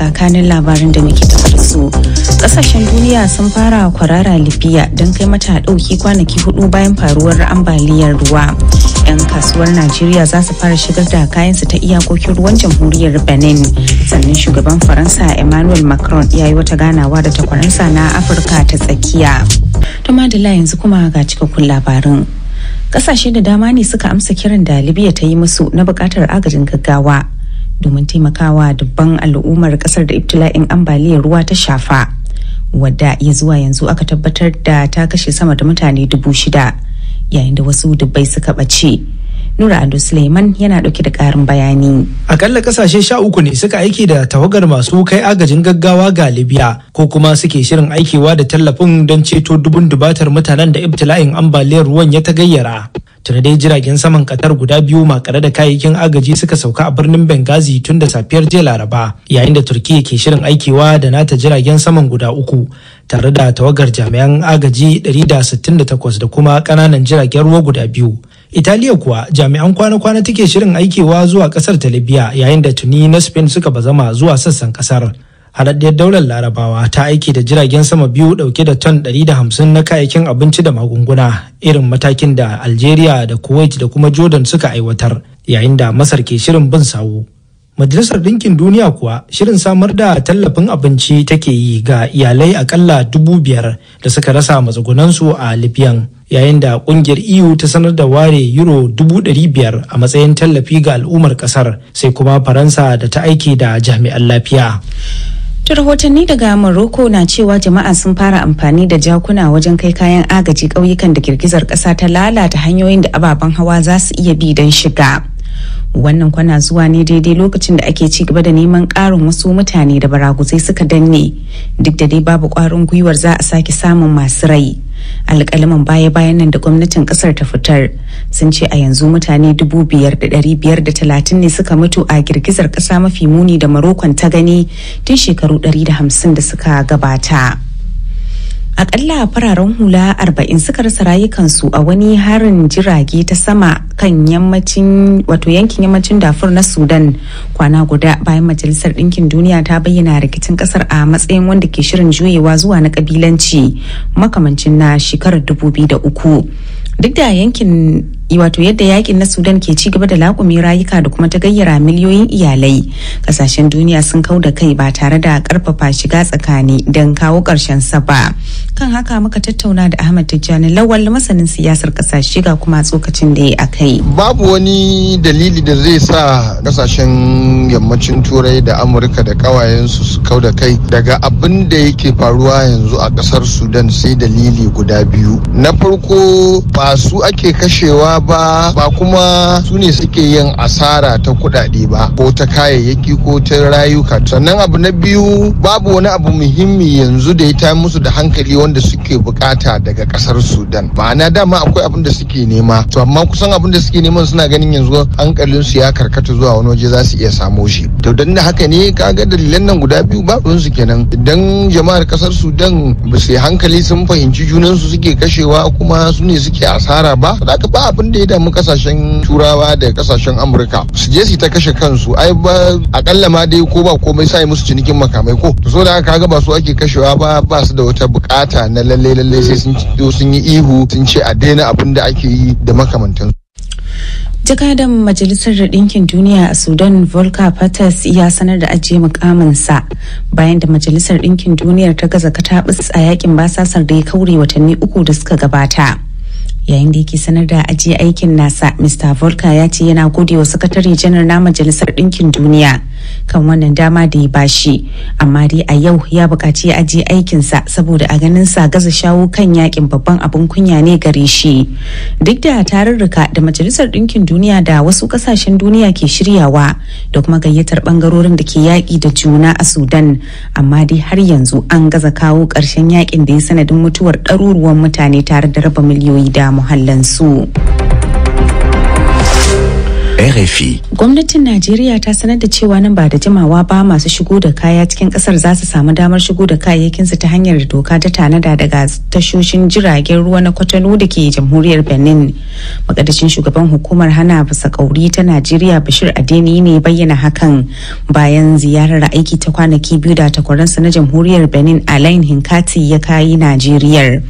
tsakanin labarin da muke tafar su kasashen duniya sun fara kwarara libya don kai mata dauki kwanaki hudu bayan faruwar ambaliyar ruwa 'yan kasuwar najeriya za su fara shigar da kayansu ta iyakokin ruwan jamhuriyar benin sannan shugaban faransa emmanuel macron ya yi wata ganawa da takwaransa na afirka ta tsakiya to madala yanzu kuma ga cikakkun labarin kasashe da dama ne suka amsa kiran da libya ta yi musu na bukatar agajin gaggawa domin taimakawa dubban al'ummar kasar da ibtila'in ambaliyar ruwa ta shafa wadda ya zuwa yanzu aka tabbatar da ta kashe sama da mutane dubu shida yayin da wasu dubbai suka ɓace. Nura Ado Suleiman yana dauke da karin bayani. Akalla kasashe sha uku ne suka aiki da tawagar masu kai agajin gaggawa ga Libya ko kuma suke shirin aikewa da tallafin don ceto dubun dubatar mutanen da ibtila'in ambaliyar ruwan ya ta gayyara. tuna dai jiragen saman katar guda biyu makare da kayayyakin agaji suka sauka a birnin Benghazi tun da safiyar jiya Laraba yayin da Turkiyya ke shirin aikewa da nata jiragen saman guda uku tare da tawagar jami'an agaji 168 da kuma ƙananan jiragen ruwa guda biyu Italiya kuwa jami'an kwana-kwana take shirin aikewa zuwa kasar ta Libya yayin da tuni na Spain suka bazama zuwa sassan kasar. Haɗaɗɗiyar daular Larabawa ta aiki da jiragen sama biyu ɗauke da ton ɗari da hamsin na kayayyakin abinci da magunguna irin matakin da Algeria da Kuwait da kuma Jordan suka aiwatar yayin da Masar ke shirin bin sawu. Majalisar Ɗinkin Duniya kuwa shirin samar da tallafin abinci take yi ga iyalai akalla dubu biyar da suka rasa matsugunansu a Libyan. yayin da kungiyar EU ta sanar da ware euro biyar a matsayin tallafi ga al'ummar kasar sai kuma Faransa da ta aiki da jami'an lafiya. ta rahotanni daga Morocco na cewa jama'a sun fara amfani da jakuna wajen kai kayan agaji ƙauyukan da girgizar ƙasa ta lalata hanyoyin da ababen hawa za su iya bi don shiga. Wannan kwana zuwa ne daidai lokacin da ake ci gaba da neman ƙarin wasu mutane da baraguzai suka danne duk da dai babu ƙwarin gwiwar za a sake samun masu rai. alƙalaman baya-bayan nan da gwamnatin ƙasar ta fitar sun ce a yanzu mutane 5,530 ne suka mutu a girgizar ƙasa mafi muni da marokon ta gani tun shekaru 150 da suka gabata. akalla fararen hula arba'in suka rasa rayukansu a wani harin jirage ta sama kan yammacin wato yankin yammacin dafur na sudan kwana guda bayan majalisar ɗinkin duniya ta bayyana rikicin ƙasar a matsayin wanda ke shirin juyewa zuwa na kabilanci makamancin na shekarar uku duk da yankin wato yadda yakin na sudan ke ci gaba da lakumi rayuka da kuma ta gayyara miliyoyin iyalai kasashen duniya sun kau da kai ba tare da karfafa shiga tsakani don kawo ƙarshen sa ba kan haka muka tattauna da ahmad tijjani lawal masanin siyasar kasashe ga kuma tsokacin da ya akai babu wani dalili da zai sa kasashen yammacin turai da amurka da kawayensu su kau da kai daga abin da yake faruwa yanzu a kasar sudan sai dalili guda biyu na farko ba su ake kashewa ba ba kuma su ne suke yin asara ta kuɗaɗe ba ko ta kayayyaki ko ta rayuka sannan abu na biyu babu wani abu muhimmi yanzu da ya ta musu da hankali wanda suke bukata daga kasar sudan ma'ana dama akwai abin da suke nema to amma kusan abin da suke nema suna ganin yanzu hankalin su ya karkata zuwa wani waje za su iya samo shi to dan da haka ne kaga dalilan nan guda biyu babun su kenan idan jama'ar kasar sudan ba su hankali sun fahimci junan su suke kashewa kuma su ne suke asara ba da ba abin abin da ya damu kasashen turawa da kasashen amurka su je su ta kashe kansu ai ba akalla ma dai ko ba komai sai musu cinikin makamai ko to so da aka ga ba su ake kashewa ba ba su da wata bukata na lalle lalle sai sun sun yi ihu sun ce a daina abin da ake yi da makamantansu jakadan majalisar dinkin duniya a sudan volker patas ya sanar da ajiye mukaminsa bayan da majalisar ɗinkin duniyar ta gaza katabus a yakin basasar da ya kaure watanni uku da suka gabata yayin da yake sanar da ajiye aikin nasa mr volka ya ce yana gode wa sakatare janar na majalisar ɗinkin duniya kan wannan dama da ya bashi amma dai a yau ya buƙaci ya ajiye aikinsa saboda a ganin sa gaza shawo kan yakin babban abun kunya ne gare shi duk da tarurruka da majalisar ɗinkin duniya da wasu ƙasashen duniya ke shiryawa da kuma gayyatar bangarorin da ke yaƙi da juna a sudan amma dai har yanzu an gaza kawo ƙarshen yakin da ya sanadin mutuwar ɗaruruwan mutane tare da raba miliyoyi dama muhallansu. RFI. Gwamnatin Najeriya ta sanar da cewa nan ba da jimawa ba masu shigo da kaya cikin kasar za su samu damar shigo da kayayyakinsu ta hanyar doka ta tanada daga tashoshin jiragen ruwa na kwatano da ke jamhuriyar Benin. Makadashin shugaban hukumar hana bisa kauri ta Najeriya Bashir Adeni ne bayyana hakan bayan ziyarar aiki ta kwanaki biyu da takwaransa na jamhuriyar Benin Alain Hinkati ya kayi Najeriya.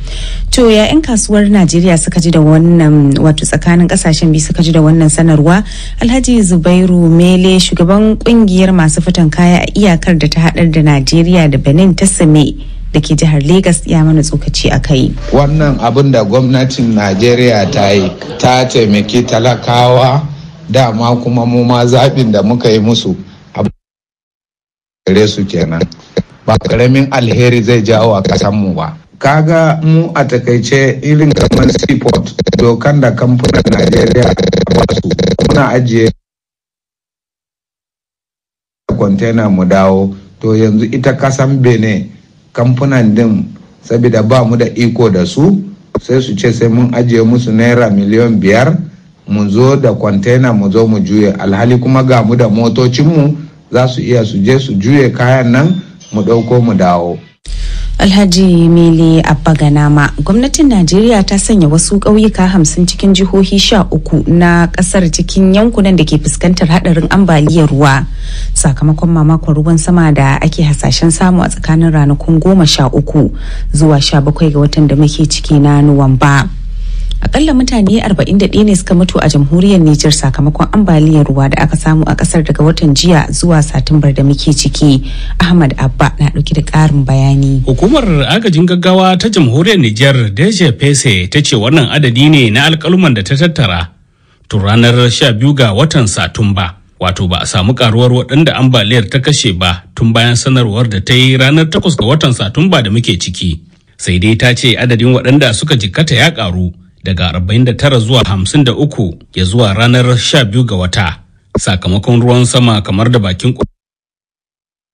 To ya 'yan kasuwar Najeriya suka ji da wannan wato tsakanin kasashen biyu suka ji da wannan sanarwa alhaji zubairu mele shugaban kungiyar masu fitan kaya a iyakar da ta hadar da najeriya da benin ta same da ke jihar Lagos ya mana tsokaci a kai. Wannan abin da gwamnatin Najeriya ta yi ta taimaki talakawa dama kuma mu ma zaɓin da muka yi musu gare su kenan. Ba karamin alheri zai jawo a ƙasanmu ba. kaga mu a takaice irin kamar seaport dokan da kamfanin najeriya muna ajiye kwantena mu dawo to yanzu ita kasan bene kamfanin din sabida ba mu da iko da su sai su ce sai mun ajiye musu naira miliyan biyar mu zo da kwantena mu zo mu juye alhali kuma ga mu da motocinmu za su iya su je su juye kayan nan mu ɗauko mu dawo Alhaji Mele nama gwamnatin Najeriya ta sanya wasu ƙauyuka hamsin cikin jihohi sha uku na ƙasar cikin yankunan da ke fuskantar haɗarin ambaliyar ruwa sakamakon mamakon ruwan sama da ake hasashen samu a tsakanin ranakun goma sha uku zuwa sha bakwai ga watan da muke ciki na Nuwamba. akalla mutane 41 ne suka mutu a jamhuriyar Nijar sakamakon ambaliyar ruwa da aka samu a kasar daga watan jiya zuwa satumbar da muke ciki. Ahmad Abba na dauki da karin bayani. Hukumar agajin gaggawa ta jamhuriyar Nijar Deje Pese ta ce wannan adadi ne na alkaluman da ta tattara tun ranar 12 ga watan Satumba. Wato ba a samu karuwar waɗanda ambaliyar ta kashe ba tun bayan sanarwar da ta yi ranar 8 ga watan Satumba da muke ciki. Sai dai ta ce adadin waɗanda suka jikkata ya karu. daga 49 zuwa 53 ya zuwa ranar 12 ga wata sakamakon ruwan sama kamar da bakin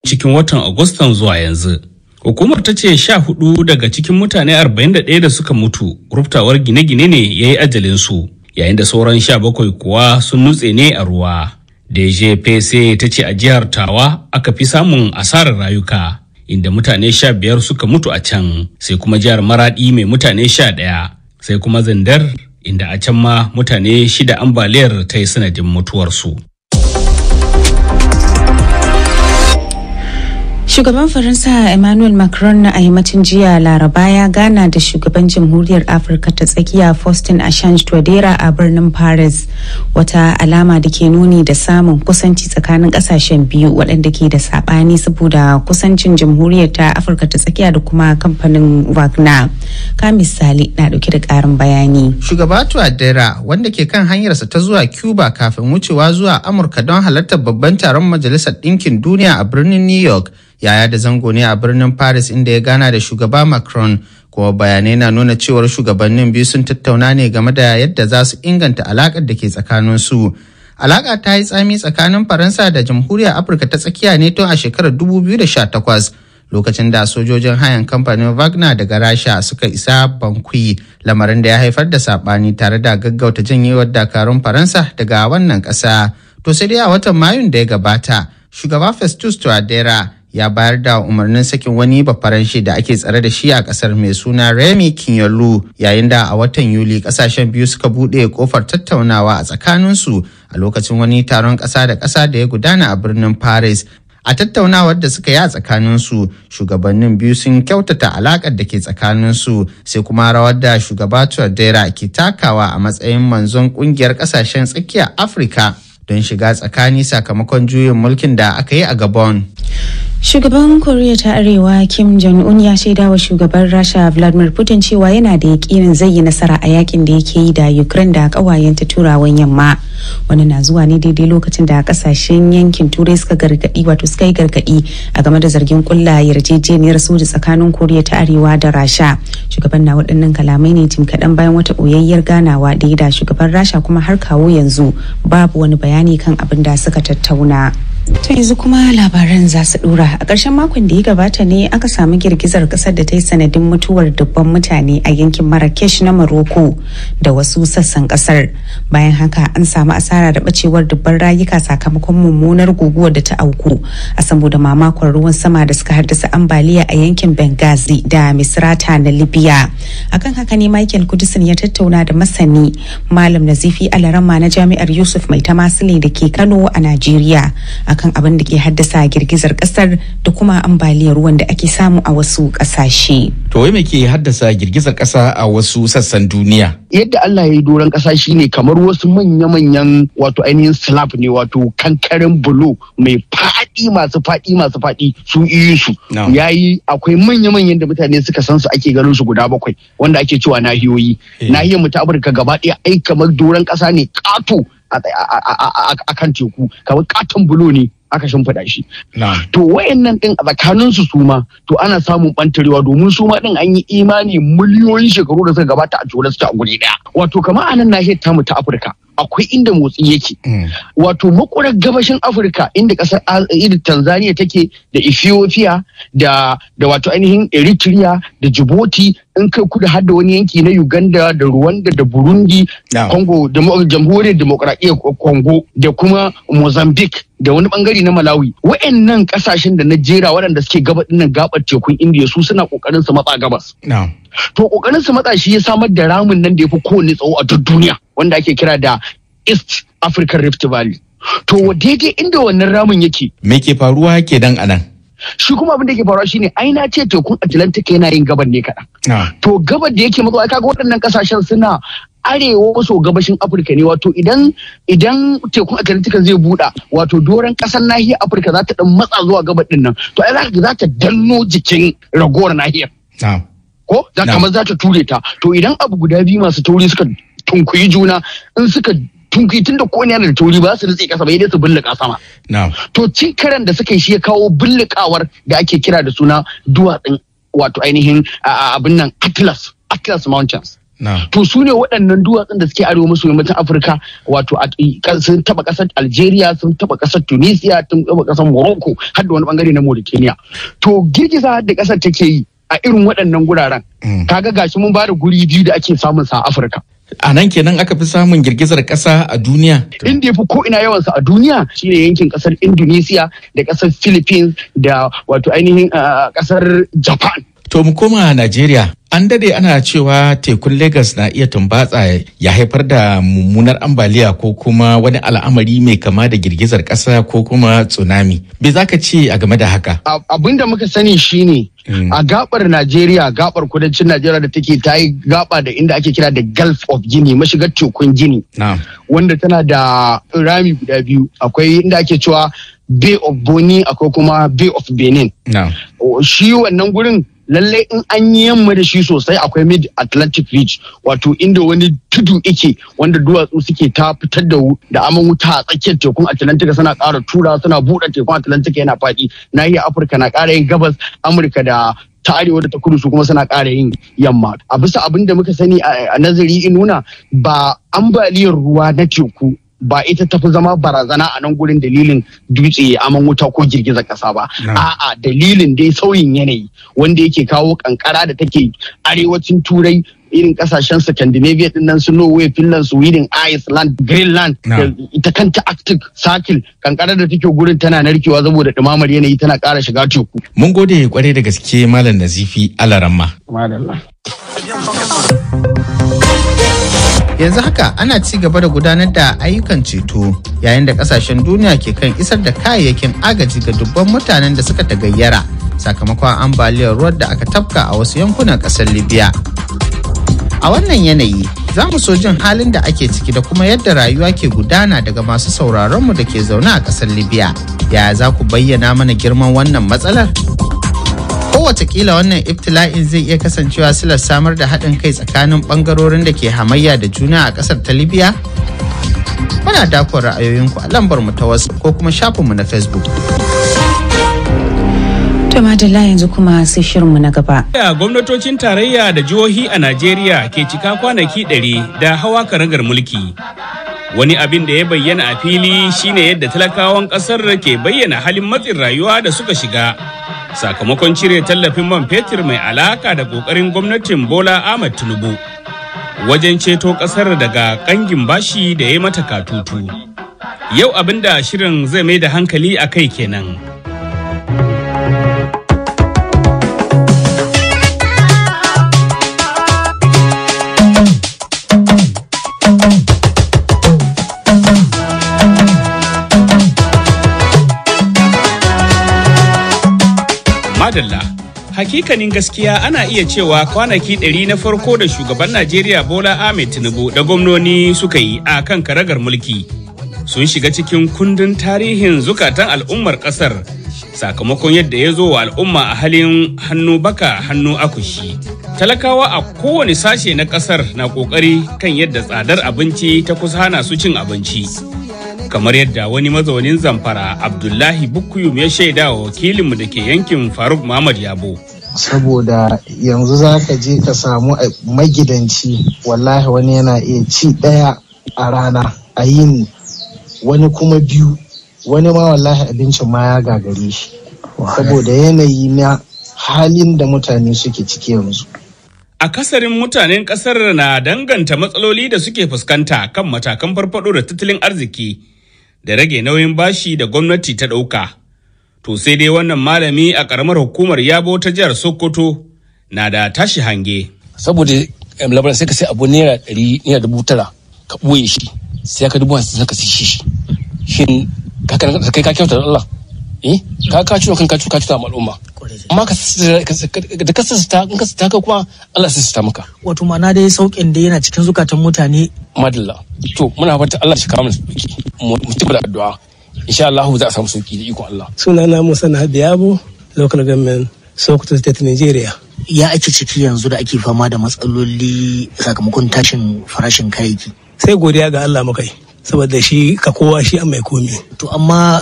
cikin watan Agustan zuwa yanzu. Hukumar ta ce sha hudu daga cikin mutane 41 da suka mutu ruftawar gine-gine ne ya yi ajalinsu yayin da sauran sha bakwai kuwa sun nutse ne a ruwa. DJPC ta ce a jihar Tawa aka fi samun asarar rayuka inda mutane sha biyar suka mutu a can sai kuma jihar Maradi mai mutane sha ɗaya sai kuma zandar inda a can ma mutane shida ambaliyar ta yi sanadin mutuwarsu. Shugaban Faransa Emmanuel Macron na aimacin jiya Laraba ya gana da shugaban Jamhuriyar Afirka ta tsakiya Faustin Assange Touadera a birnin Paris, wata alama da ke nuni da samun kusanci tsakanin kasashen biyu waɗanda ke da saɓani saboda kusancin Jamhuriyar ta Afirka ta tsakiya da kuma kamfanin Wagner. Kamis Sali na ɗauke da ƙarin bayani. Shugaba twadera wanda ke kan hanyarsa ta zuwa Cuba kafin wucewa zuwa Amurka don halartar babban taron Majalisar Ɗinkin Duniya a birnin New York yaya da zango ne a birnin paris inda ya gana da shugaba macron kuma bayanai na nuna cewar shugabannin biyu sun tattauna ne game da yadda za su inganta alaƙar da ke tsakanin su alaƙa ta yi tsami tsakanin faransa da jamhuriyar afirka ta tsakiya ne tun a shekarar 2018 lokacin da sojojin hayan kamfanin wagner daga rasha suka isa bankui lamarin da ya haifar da saɓani tare da gaggauta janyewar dakarun faransa daga wannan ƙasa to sai dai a watan mayun da ya gabata shugaba festus tuadera ya bayar da umarnin sakin wani bafaranshi da ake tsare da shi a kasar mai suna Remy Kinyolu yayin da a watan Yuli kasashen biyu suka buɗe kofar tattaunawa a tsakaninsu a lokacin wani taron ƙasa da ƙasa da ya gudana a birnin Paris. A tattaunawar da suka yi a tsakaninsu, shugabannin biyu sun kyautata alaƙar da ke tsakaninsu sai kuma rawar da shugaba Tuadera ke takawa a matsayin manzon ƙungiyar ƙasashen tsakiyar Afirka don shiga tsakani sakamakon juyin mulkin da aka yi a Gabon. Shugaban Koriya ta Arewa Kim Jong-un ya shaida wa shugaban Rasha Vladimir Putin cewa yana da yakinin zai yi nasara a yakin da yake yi da Ukraine da kawayenta turawan yamma. Wani na zuwa ne daidai lokacin da kasashen yankin Turai suka gargadi wato suka yi gargadi a game da zargin kulla yarjejeniyar soja tsakanin Koriya ta Arewa da Rasha. Shugaban na waɗannan kalamai ne jim kaɗan bayan wata ɓoyayyar ganawa da ya da shugaban Rasha kuma har kawo yanzu babu wani bayani kan abin da suka tattauna. ta yanzu kuma labaran za su dura a ƙarshen makon da ya gabata ne aka samu girgizar ƙasar da ta yi sanadin mutuwar dubban mutane a yankin marrakesh na maroko da wasu sassan ƙasar bayan haka an samu asara da ɓacewar dubban rayuka sakamakon mummunar guguwar da ta auku a saboda mamakon ruwan sama da suka haddasa ambaliya a yankin benghazi da misrata na libya akan haka ne michael kudisin ya tattauna da masani malam nazifi alarama na jami'ar yusuf mai tamasile da ke kano a najeriya akan abin da ke haddasa girgizar kasar da kuma ambaliyar ruwan da ake samu a wasu kasashe. To wai me ke haddasa girgizar kasa a wasu sassan duniya? Yadda Allah ya yi doron kasa shine kamar wasu manya-manyan wato ainihin slab ne wato kankarin bulo mai faɗi masu faɗi masu faɗi su yi su. yi akwai manya-manyan da mutane suka san su ake ganin su guda bakwai wanda ake cewa nahiyoyi. Eh. Nahiyar mu ta Afirka gaba ɗaya ai kamar doron kasa ne ƙato a kan teku kamar katon bulo ne aka shimfiɗa shi. To wayannan ɗin a tsakanin su suma to ana samun ɓantarewa domin suma ɗin an yi imani miliyoyin shekaru da suka gabata a jure su a guri ɗaya. Wato kamar a nan nahiyar tamu ta Afirka. akwai inda motsi yake mm. wato makurar gabashin afirka inda kasar irin tanzania take da ethiopia da wato ainihin eritrea da djibouti in kai kuda hada wani yanki na uganda da rwanda da burundi congo jamhuriyar demokradiyyar kongo da kuma mozambique da wani bangare na Malawi wa'annan kasashen da na jera waɗanda suke gaba dinnan gabar tekun Indiya su suna kokarin su matsa gabas to kokarin su matsa shi ya samar da ramin nan da ya fi kowane tsawo a duk duniya wanda ake kira da East African Rift Valley to daidai inda wannan ramin yake me ke faruwa ke dan anan shi kuma abin da ke faruwa shine ai na ce tekun Atlantic yana yin gabar ne kaɗan. To gabar da yake matsa kaga waɗannan kasashen suna arewa maso gabashin afirka ne wato idan idan tekun atlantika zai buɗa wato doron ƙasar nahiyar afirka za ta ɗan matsa zuwa gabar ɗin nan to ai za ta danno jikin ragowar nahiyar ko za kamar za ta ture ta to idan abu guda biyu masu tauri suka tunkuyi juna in suka tunkuyi tun da ko yana da tauri ba su nutse kasa ba dai su bullika sama to cin karen da suka yi shi ya kawo bullikawar da ake kira da suna duwatsun wato ainihin abin nan atlas atlas mountains to su ne waɗannan duwatsun da suke arewa maso yammacin afirka wato sun taba ƙasar algeria sun taba ƙasar tunisia sun taba ƙasar morocco har wani bangare na mauritania to girgiza da ƙasar take yi a irin waɗannan guraren mm. kaga gashi mun bada guri biyu da ake samun sa a afirka a nan kenan aka fi samun girgizar ƙasa a duniya. Inda ya fi ko ina yawansa a duniya shine yankin ƙasar Indonesia da ƙasar Philippines da wato ainihin ƙasar Japan To mu koma Najeriya. An dade ana cewa tekun Legas na iya tumbatsa ya haifar da mummunar ambaliya ko kuma wani al'amari mai kama da girgizar kasa ko kuma tsunami. bai za ka ce a game da haka? Abin da muka sani shine hmm. a gabar Najeriya gabar kudancin Najeriya da take ta yi gaba da inda ake kira da Gulf of Guinea mashigar tekun Guinea. Wanda tana da rami guda biyu akwai inda ake cewa Bay of Boni akwai kuma Bay of Benin. Shi wannan gurin lallai in an yi yamma da shi sosai akwai mid atlantic ridge wato inda wani tudu ike wanda duwatsu suke ta fitar da da aman wuta a tsakiyar tekun atlantic suna ƙara tura suna buɗe tekun atlantic yana faɗi nahiyar afirka na ƙara yin gabas amurka da ta arewa da ta kudu su kuma suna ƙara yin yamma a bisa abin da muka sani a nazari in nuna ba ambaliyar ruwa na teku ba ita tafi zama barazana a nan gurin dalilin dutse aman wuta ko girgizar kasa ba a'a dalilin dai sauyin yanayi wanda yake kawo kankara da take arewacin turai irin kasashen Scandinavia din nan su Norway, Finland, Sweden, Iceland, Greenland da ita kanta Arctic Circle kankara da take gurin tana narkewa saboda dumamar yanayi tana kara shiga teku. Mun gode kwarai da gaske Malam Nazifi Alaramma. yanzu haka ana ci gaba da gudanar da ayyukan ceto yayin da kasashen duniya ke kan isar da kayayyakin agaji ga dubban mutanen da suka tagayyara sakamakon ambaliyar ruwan da aka tafka a wasu yankunan kasar libya a wannan yanayi za mu so jin halin da ake ciki da kuma yadda rayuwa ke gudana daga masu sauraronmu da ke zaune a kasar libya yaya za ku bayyana mana girman wannan matsalar watakila wannan ibtila'in zai iya kasancewa silar samar da haɗin kai tsakanin ɓangarorin da ke hamayya da juna a ƙasar ta libya muna dakon ra'ayoyinku a lambar mu ta wasu ko kuma shafinmu na facebook da madalla yanzu kuma sai shirinmu na gaba. Gwamnatocin tarayya da jihohi a Najeriya ke cika kwanaki ɗari da hawa karagar mulki. Wani abin da ya bayyana a fili shine yadda talakawan ƙasar ke bayyana halin matsin rayuwa da suka shiga sakamakon cire tallafin man fetur mai alaka da kokarin gwamnatin bola ahmad tinubu wajen ceto kasar daga kangin bashi da ya mata katutu yau abinda shirin zai mai da hankali a kai kenan madalla hakikanin gaskiya ana iya cewa kwanaki ɗari na farko da shugaban najeriya bola ahmed tinubu da gwamnoni suka yi a kan karagar mulki sun shiga cikin kundin tarihin zukatan al'ummar ƙasar sakamakon yadda ya zo wa al'umma a halin hannu baka hannu akushi talakawa a kowane sashe na ƙasar na ƙoƙari kan yadda tsadar abinci ta kusa hana su cin abinci kamar yadda wani mazaunin zamfara abdullahi bukuyum ya shaida wa wakilinmu da ke yankin faruk muhammad yabo saboda yanzu za ka je ka samu magidanci wallahi wani yana iya ci daya a rana a yin wani kuma biyu wani ma wallahi abincin ma ya gagare shi saboda yanayi na halin da mutane suke ciki yanzu a kasarin mutanen kasar na danganta matsaloli da suke fuskanta kan matakan farfado da tattalin arziki da rage nauyin bashi da gwamnati ta ɗauka. To sai dai wannan malami a ƙaramar hukumar Yabo ta jihar Sokoto na da tashi hange. Saboda labar sai ka sai abu naira ɗari naira dubu tara ka ɓoye shi sai ka dubu hamsin ka sai shi. Shin kai ka kyauta Allah eh ka ka ciwo kan ka ciwo ka al'umma amma ka da ka sista in ka sista ka kuma Allah sai sista maka wato ma'ana dai saukin da yana cikin zukatan mutane madalla to muna fata Allah shi kawo mu sauki mu ci da addu'a insha Allah za a samu sauki da iko Allah sunana Musa Nabiyabu local government Sokoto state Nigeria ya ake ciki yanzu da ake fama da matsaloli sakamakon tashin farashin kayayyaki sai godiya ga Allah mu kai. saboda shi ka kowa shi an mai komi. To amma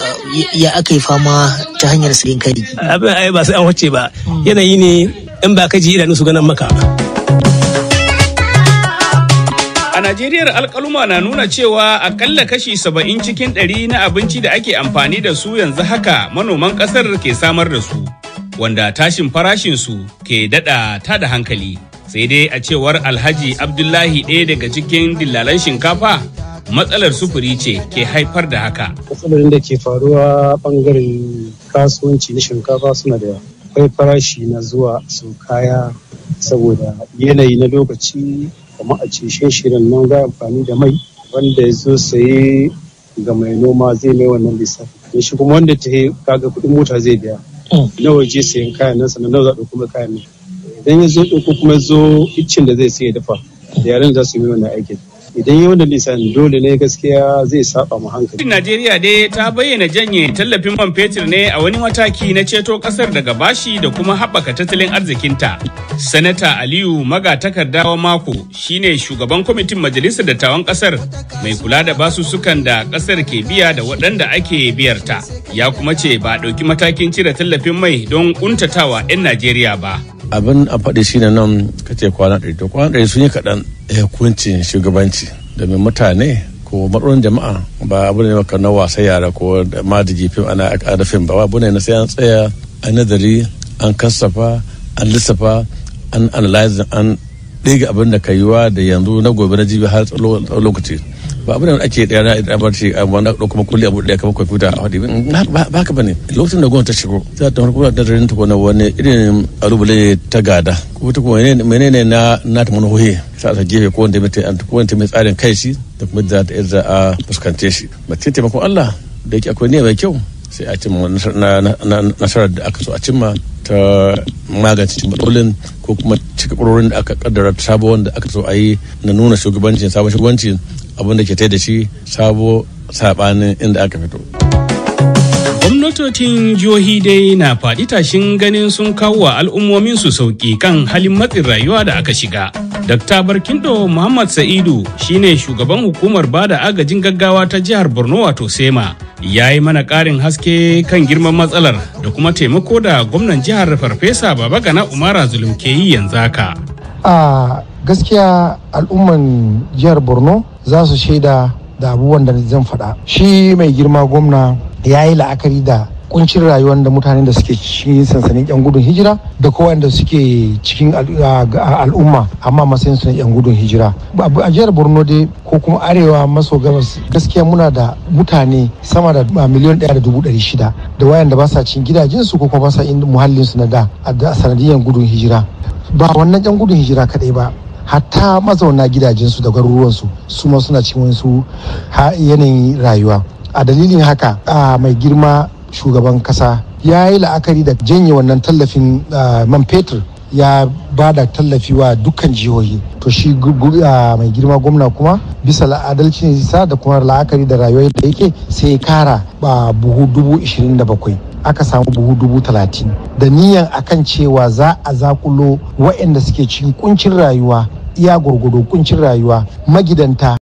ya aka yi fama ta hanyar sayin kari. Abin ai ba sai an wace ba yanayi ne in ba ka ji idanu su ganin maka. A Najeriya alkaluma na nuna cewa akalla kashi saba'in cikin ɗari na abinci da ake amfani da su yanzu haka manoman ƙasar ke samar da su, wanda tashin farashinsu ke daɗa ta da hankali. Sai dai a cewar Alhaji Abdullahi ɗaya daga cikin dillalan shinkafa matsalar sufuri ce ke haifar da haka. Matsalolin da ke faruwa bangaren kasuwanci na shinkafa suna da akwai farashi na zuwa su kaya saboda yanayi na lokaci kuma a ce shirin nan ga amfani da mai wanda ya zo saye ga mai noma zai mai wannan lissafi shi kuma wanda ta kaga kuɗin mota zai biya na waje sayan kayan nan sannan nawa za ɗauko mai kayan nan idan ya zo ɗauko kuma zo iccin da zai sai ya dafa da yaran za su yi wannan aikin idan yi wanda lisan dole ne gaskiya zai saba mu hankali. Najeriya dai ta bayyana janye tallafin man fetur ne a wani mataki na ceto kasar daga bashi da kuma haɓaka tattalin arzikinta. Sanata Aliyu Maga wa mako shine shugaban kwamitin majalisar dattawan kasar mai kula da basussukan da kasar ke biya da waɗanda ake biyarta. Ya kuma ce ba ɗauki matakin cire tallafin mai don ƙuntatawa 'yan Najeriya ba. abin a faɗi shi ne nan kace kwana ɗari to kwana ɗari sun yi kaɗan eh, hukuncin shugabanci domin mutane ko matsalolin jama'a ba abu ne maka na wasa yara ko ma da jifin ana ƙarfin ba abu ne na sai an tsaya a nazari an kasafa an lissafa an analyze an ɗiga abin da ka yiwa da yanzu na gobe na jibi har lokaci ba abin da ake da na barci amma na kuma kulli abu da kamar kwamfuta a hadi ba ka bane lokacin da gwamnati ta shigo za ta farko da tarin ta kona wani irin alubale ta gada ko ta kuma menene na na ta manohi sa ta gefe ko wanda mai ko wanda mai tsarin kai shi da kuma za ta yadda a fuskance shi mace taimakon Allah da yake akwai ne mai kyau sai a cimma nasarar da aka so a cimma ta magance matsalolin ko kuma cika ƙurorin da aka kaddara sabon da aka so a yi na nuna shugabancin sabon shugabancin abinda ke tai da shi sabo sabanin inda aka fito. gwamnatocin jihohi dai na faɗi tashin ganin sun kawo wa al'ummomin su sauƙi kan halin matsin rayuwa da aka shiga. Dr. Barkindo Muhammad Sa'idu shine shugaban hukumar bada agajin gaggawa ta jihar Borno wato Sema. ya yi mana ƙarin haske kan girman matsalar da kuma taimako da gwamnan jihar farfesa baba gana umara zulum ke yi yanzu haka. a gaskiya al'umman jihar borno za su shaida da abubuwan da zan faɗa shi mai girma gwamna ya yi la'akari da kuncin rayuwar da mutanen da suke cikin sansanin yan gudun hijira da kowa da suke cikin al'umma amma matsayin su yan gudun hijira a jihar borno dai ko kuma arewa maso gabas gaskiya muna da mutane sama da miliyan ɗaya da dubu ɗari shida da wayan da ba sa cin gidajensu ko kuma ba sa muhallin su na da a sanadiyyar gudun hijira ba wannan yan gudun hijira kaɗai ba hatta mazauna gidajensu da garuruwansu su ma suna cikin wasu yanayin rayuwa a dalilin haka a mai girma shugaban kasa ya yi la'akari da janye wannan tallafin uh, man fetur ya ba da tallafi wa dukkan jihohi to shi uh, mai girma gwamna kuma bisa adalci ne sa da kuma la'akari da rayuwar da yake sai ya kara ba buhu dubu ishirin da bakwai aka samu buhu dubu talatin da niyan akan cewa za a zakulo wa'inda suke cikin kuncin rayuwa iya gwargwado kuncin rayuwa magidanta